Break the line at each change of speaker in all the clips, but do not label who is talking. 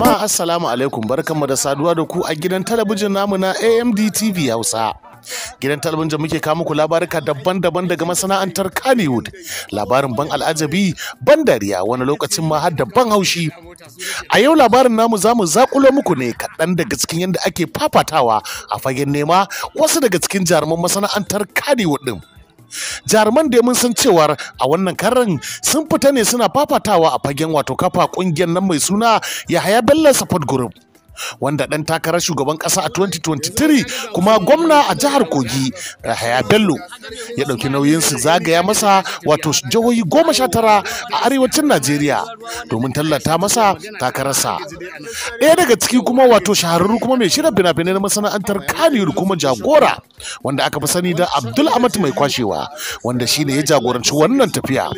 Jama'a Assalamu alaikum barkanmu da saduwa da ku a gidan talabijin namu na AMD Hausa. Gidan talabijin muke kawo muku labarika daban-daban daga masana'antar Kaliwood, Labarin ban al'ajabi, ban dariya, wani lokacin ma har da ban haushi. A yau labarin namu za mu zakulo muku ne kaɗan daga cikin yadda ake fafatawa a fagen nema wasu daga cikin jaruman masana'antar Kaliwood ɗin. jaruman da mun san cewar a wannan karin sun fita ne suna fafatawa a fagen wato kafa kungiyar nan mai suna yahaya bello support group wanda ɗan takarar shugaban ƙasa a 2023 kuma gwamna a jihar kogi Yahaya Bello ya ɗauki nauyin su zagaya masa wato jihohi goma sha tara a arewacin Najeriya domin tallata masa takararsa. Ɗaya daga ciki kuma wato shahararru kuma mai shirya fina-finai na masana'antar Kanuri kuma jagora wanda aka fi sani da Abdul Amat mai kwashewa wanda shine ya jagoranci wannan tafiya.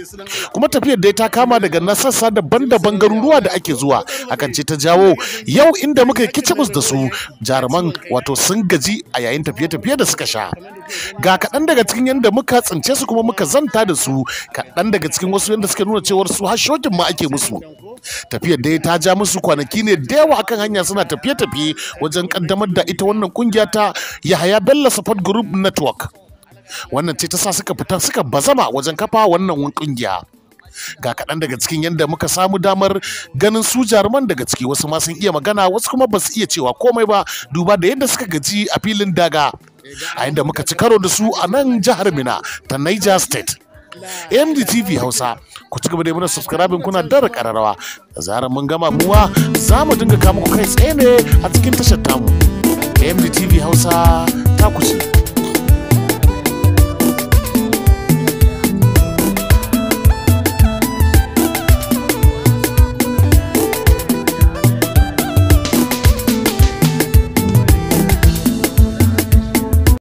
Kuma tafiyar dai ta kama daga nasassa daban-daban garuruwa da ake zuwa akan ce ta jawo yau inda muka yi kicimus da su jaruman wato sun gaji a yayin tafiye-tafiye da suka sha ga kaɗan daga cikin yadda muka tsince su kuma muka zanta da su kaɗan daga cikin wasu yadda suke nuna cewar su har shokin ma ake musu tafiyar dai ta ja musu kwanaki ne da yawa akan hanya suna tafiye-tafiye wajen kaddamar da ita wannan kungiya ta yahaya bello support group network wannan ce ta sa suka fita suka bazama wajen kafa wannan kungiya ga kaɗan daga cikin yadda muka samu damar ganin su jaruman daga ciki wasu ma sun iya magana wasu kuma ba su iya cewa komai ba duba da yadda suka gaji a filin daga a inda muka ci karo da su a nan jihar mina ta niger state mdtv hausa ku ci gaba da mana subscribe kuna dara kararrawa da zarar mun gama buwa za mu dinga kama ku kai tsaye ne a cikin tashar tamu mdtv hausa ta kusa